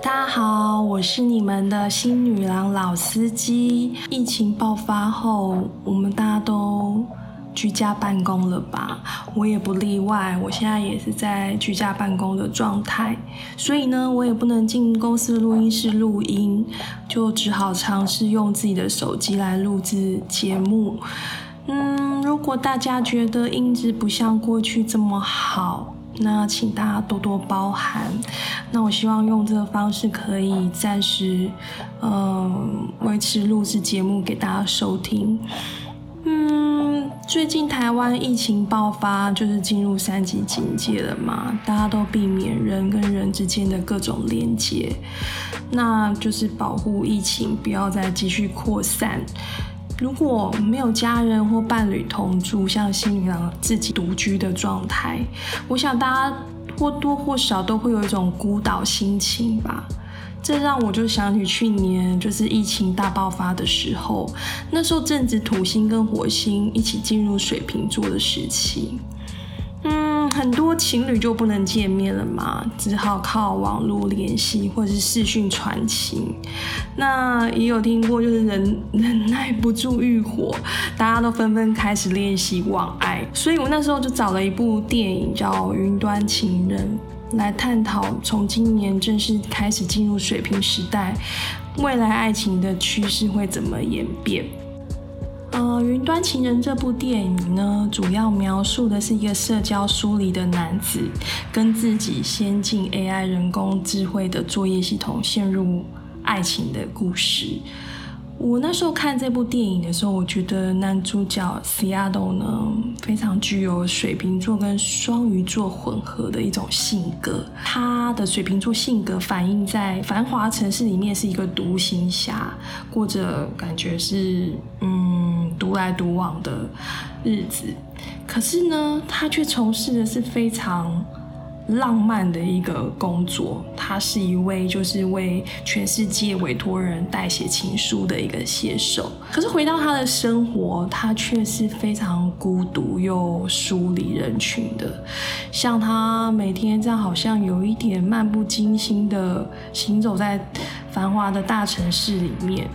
大家好，我是你們的星女郎老司機。疫情爆發後，我們大家都居家辦公了吧？我也不例外，我現在也是在居家辦公的狀態，所以呢，我也不能進公司錄音室錄音，就只好嘗試用自己的手機來錄製節目。嗯，如果大家覺得音質不像過去這麼好，那請大家多多包涵。那我希望用這個方式可以暫時，嗯、呃，維持錄製節目給大家收聽。嗯，最近台灣疫情爆發，就是進入三級警戒了嘛，大家都避免人跟人之間的各種連接，那就是保護疫情不要再繼續擴散。如果沒有家人或伴侶同住，像星女郎自己獨居的狀態，我想大家或多或少都會有一種孤島心情吧。這讓我就想起去年就是疫情大爆發的時候，那時候正值土星跟火星一起進入水瓶座的時期。很多情侶就不能見面了嘛，只好靠網絡聯繫或者是視訊傳情。那也有聽過，就是忍忍耐不住欲火，大家都紛紛開始練習網愛。所以我那時候就找了一部電影叫《雲端情人》來探討，從今年正式開始進入水瓶時代，未來愛情的趨勢會怎麼演變。呃，《雲端情人》這部電影呢，主要描述的是一個社交疏離的男子，跟自己先進 AI 人工智慧的作業系統陷入愛情的故事。我那時候看這部電影的時候，我覺得男主角西奧多呢，非常具有水瓶座跟雙魚座混合的一種性格。他的水瓶座性格反映在繁華城市裡面是一個獨行俠，過着感覺是嗯獨來獨往的日子。可是呢，他卻從事的是非常浪漫的一個工作，他是一位就是為全世界委託人代寫情書的一個寫手。可是回到他的生活，他卻是非常孤獨又疏離人群的。像他每天這樣，好像有一點漫不經心的行走在。繁華的大城市裡面，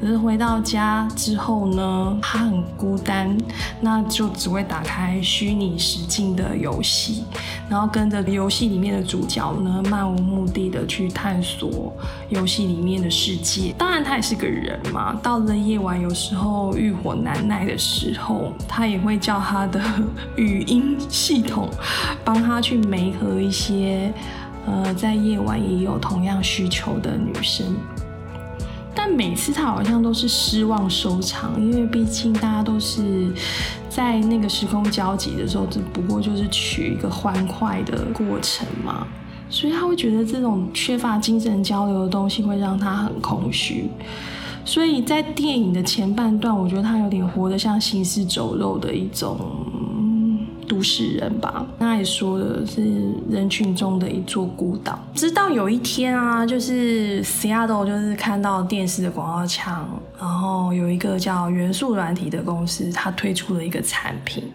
可是回到家之後呢，他很孤單，那就只會打開虛擬實境的遊戲，然後跟着遊戲裡面的主角呢，漫無目的的去探索遊戲裡面的世界。當然，他也是個人嘛，到了夜晚，有時候慾火難耐的時候，他也會叫他的語音系統幫他去媒合一些。呃，在夜晚也有同樣需求的女生，但每次她好像都是失望收場，因為畢竟大家都是在那個時空交集的時候，只不過就是取一個歡快的過程嘛，所以他會覺得這種缺乏精神交流的東西會讓他很空虛，所以在電影的前半段，我覺得他有點活得像行屍走肉的一種都市人吧，他也說的是人群中的一座孤島。直到有一天啊，就是西奧多就是看到電視的廣告牆，然後有一個叫元素軟體的公司，它推出了一個產品。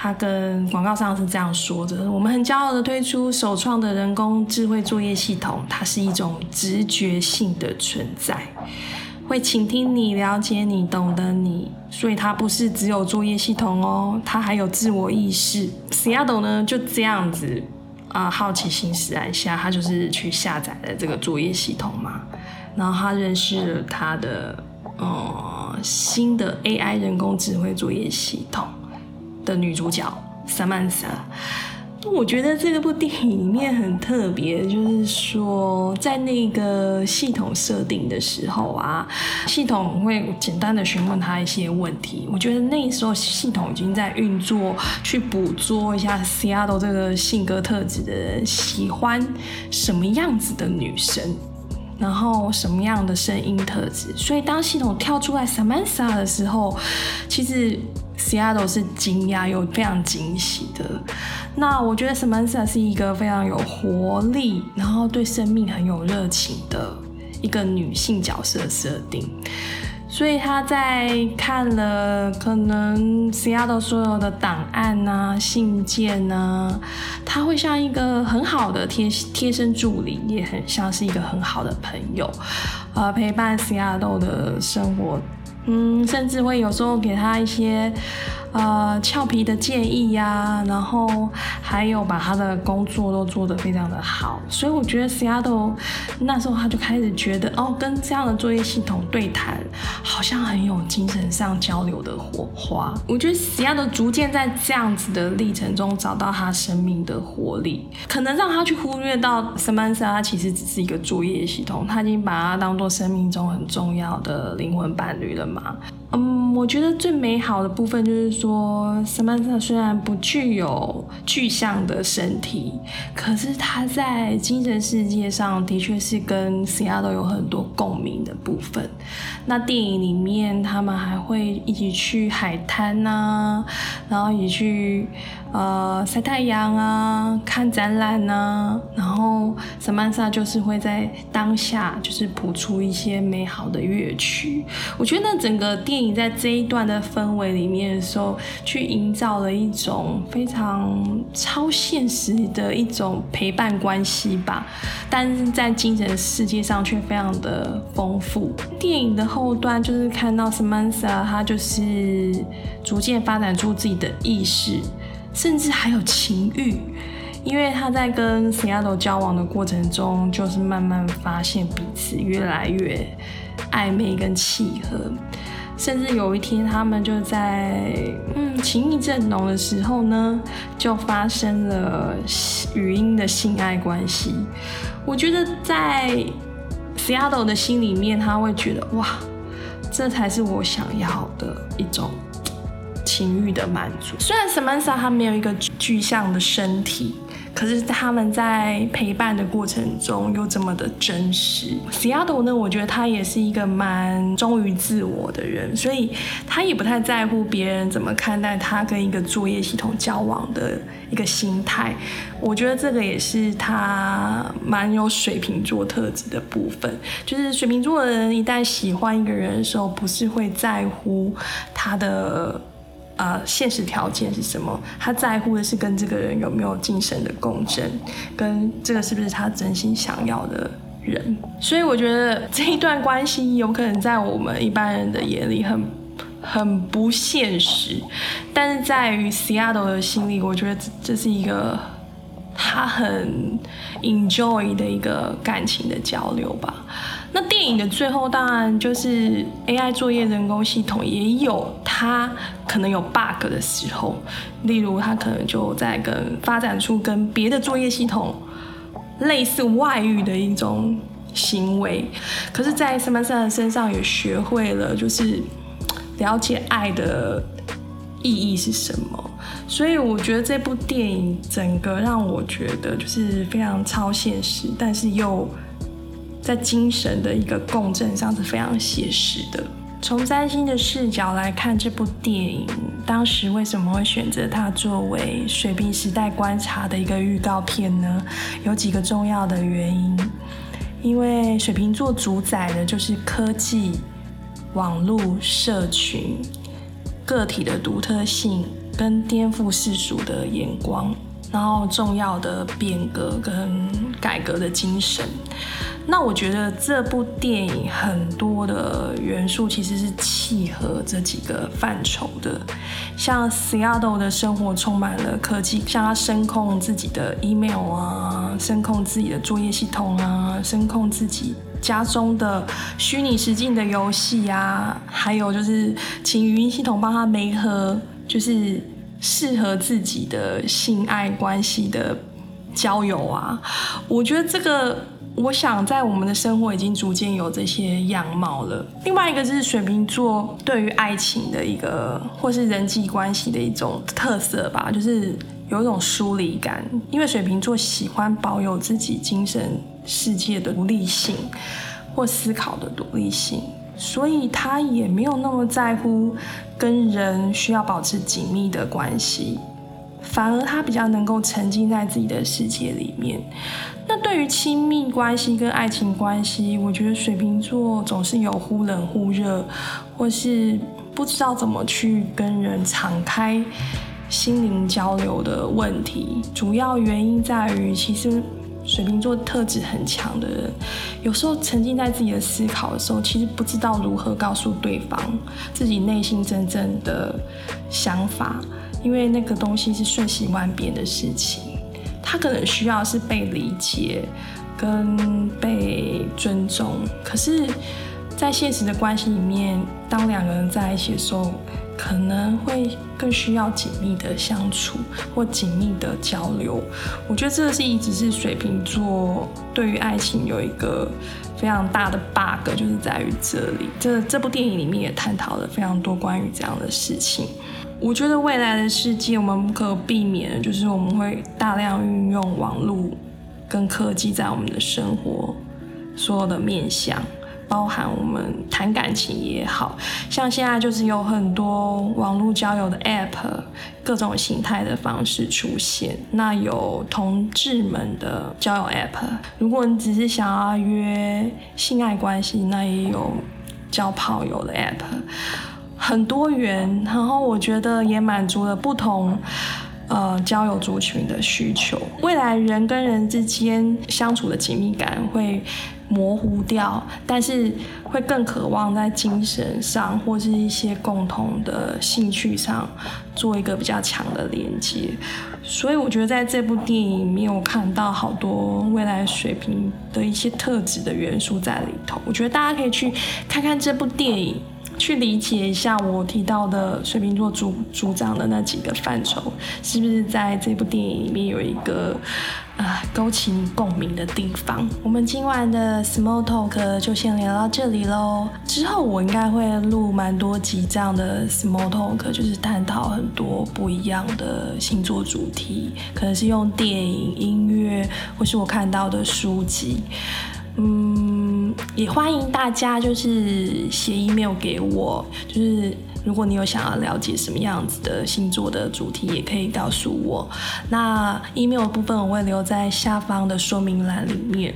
它跟廣告上是這樣說的：“我們很驕傲地推出首創的人工智慧作業系統，它是一種直覺性的存在。”會傾聽你，了解你，懂得你，所以它不是只有作業系統哦，它還有自我意識。西奧多呢，就這樣子啊、呃，好奇心使然下，他就是去下載了這個作業系統嘛，然後他認識了他的嗯、呃、新的 AI 人工智慧作業系統的女主角 Samantha。我覺得這個部電影裡面很特別，就是說在那個系統設定的時候啊，系統會簡單的詢問他一些問題。我覺得那時候系統已經在運作，去捕捉一下 Theo 這個性格特質的人喜歡什麼樣子的女生，然後什麼樣的聲音特質。所以當系統跳出來 Samantha 的時候，其實。西奧多是驚訝又非常驚喜的。那我覺得 Samantha 是一個非常有活力，然後對生命很有熱情的一個女性角色設定。所以她在看了可能西奧多所有的檔案吶、啊、信件呢、啊，她會像一個很好的貼貼身助理，也很像是一個很好的朋友，呃、陪伴西奧多的生活。嗯，甚至會有時候給他一些，呃，俏皮的建議呀、啊，然後還有把他的工作都做得非常的好，所以我覺得西奧多那時候他就開始覺得，哦，跟這樣的作業系統對談，好像很有精神上交流的火花。我覺得西奧多逐漸在這樣子的歷程中找到他生命的活力，可能讓他去忽略到 Samantha，他其實只是一個作業系統，他已經把它當做生命中很重要的靈魂伴侶了嘛。嗯，um, 我覺得最美好的部分就是說，薩曼薩雖然不具有具象的身體，可是他在精神世界上的確是跟西奧多都有很多共鳴的部分。那電影裡面，他們還會一起去海灘吶、啊，然後一起去呃曬太陽啊，看展覽吶、啊，然後薩曼薩就是會在當下就是譜出一些美好的樂曲。我覺得那整個電影電影在這一段的氛圍裡面的時候，去營造了一種非常超現實的一種陪伴關係吧，但是在精神世界上卻非常的豐富。電影的後段就是看到 Samantha，他就是逐漸發展出自己的意識，甚至還有情欲，因為他在跟西奧多交往的過程中，就是慢慢發現彼此越來越曖昧跟契合。甚至有一天，他們就在嗯情意正濃的時候呢，就發生了語音的性愛關係。我覺得在西奧多的心裡面，他會覺得哇，這才是我想要的一種情欲的滿足。雖然 Samantha 她沒有一個具象的身體。可是他們在陪伴的過程中又這麼的真實 s h a o 呢？我覺得他也是一個蠻忠於自我的人，所以他也不太在乎別人怎麼看待他跟一個作業系統交往的一個心態。我覺得這個也是他蠻有水瓶座特質的部分，就是水瓶座的人一旦喜歡一個人的時候，不是會在乎他的。啊、呃，現實條件是什麼？他在乎的是跟這個人有沒有精神的共振，跟這個是不是他真心想要的人。所以我覺得這一段關係有可能在我們一般人的眼裡很很不現實，但是在於西奧多的心裡，我覺得這，這是一個。他很 enjoy 的一個感情的交流吧。那電影的最後，當然就是 AI 作業人工系統也有它可能有 bug 的時候，例如它可能就在跟發展出跟別的作業系統類似外遇的一種行為。可是，在 Samantha 身上也學會了，就是了解愛的。意義是什麼？所以我覺得這部電影整個讓我覺得就是非常超現實，但是又在精神的一個共振上是非常寫實的。從三星的視角來看，這部電影當時為什麼會選擇它作為水瓶時代觀察的一個預告片呢？有幾個重要的原因，因為水瓶座主宰的就是科技、網絡、社群。個體的獨特性跟顛覆世俗的眼光，然後重要的變革跟改革的精神。那我覺得這部電影很多的元素其實是契合這幾個範疇的，像西奧多的生活充滿了科技，像他聲控自己的 email 啊，聲控自己的作業系統啊，聲控自己家中的虛擬實境的遊戲啊，還有就是請語音系統幫他媒合，就是適合自己的性愛關係的交友啊，我覺得這個。我想，在我們的生活已經逐漸有這些樣貌了。另外一個就是水瓶座對於愛情的一個，或是人際關係的一種特色吧，就是有一種疏離感。因為水瓶座喜歡保有自己精神世界的獨立性，或思考的獨立性，所以他也沒有那麼在乎跟人需要保持緊密的關係。反而他比較能夠沉浸在自己的世界裡面。那對於親密關係跟愛情關係，我覺得水瓶座總是有忽冷忽熱，或是不知道怎麼去跟人敞開心靈交流的問題。主要原因在於，其實水瓶座特質很強的人，有時候沉浸在自己的思考的時候，其實不知道如何告訴對方自己內心真正的想法。因為那個東西是瞬息萬變的事情，他可能需要是被理解跟被尊重，可是，在現實的關係裡面，當兩個人在一起的時候，可能會更需要緊密的相處或緊密的交流。我覺得這個是一直是水瓶座對於愛情有一個非常大的 bug，就是在於這裡。這這部電影裡面也探討了非常多關於這樣的事情。我覺得未來的世界，我們不可避免，就是我們會大量運用網絡跟科技在我們的生活所有的面向，包含我們談感情也好像現在就是有很多網絡交友的 App，各種形態的方式出現。那有同志們的交友 App，如果你只是想要約性愛關係，那也有交炮友的 App。很多元，然後我覺得也滿足了不同，呃，交友族群的需求。未來人跟人之間相處的緊密感會模糊掉，但是會更渴望在精神上或是一些共同的興趣上做一個比較強的連接。所以我覺得在這部電影裡面，看到好多未來水瓶的一些特質的元素在裡頭。我覺得大家可以去看看這部電影。去理解一下我提到的水瓶座主主掌的那幾個範疇，是不是在這部電影裡面有一個，啊勾起共鳴的地方？我們今晚的 Small Talk 就先聊到這裡嘍。之後我應該會錄蠻多集這樣的 Small Talk，就是探討很多不一樣的星座主題，可能是用電影、音樂，或是我看到的書籍。也歡迎大家就是寫 email 給我，就是如果你有想要了解什麼樣子的星座的主題，也可以告訴我。那 email 部分我會留在下方的說明欄裡面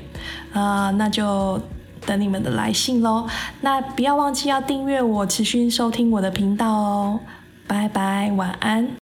啊，呃，那就等你們的來信嘍。那不要忘記要訂閱我，持續收聽我的頻道哦。拜拜，晚安。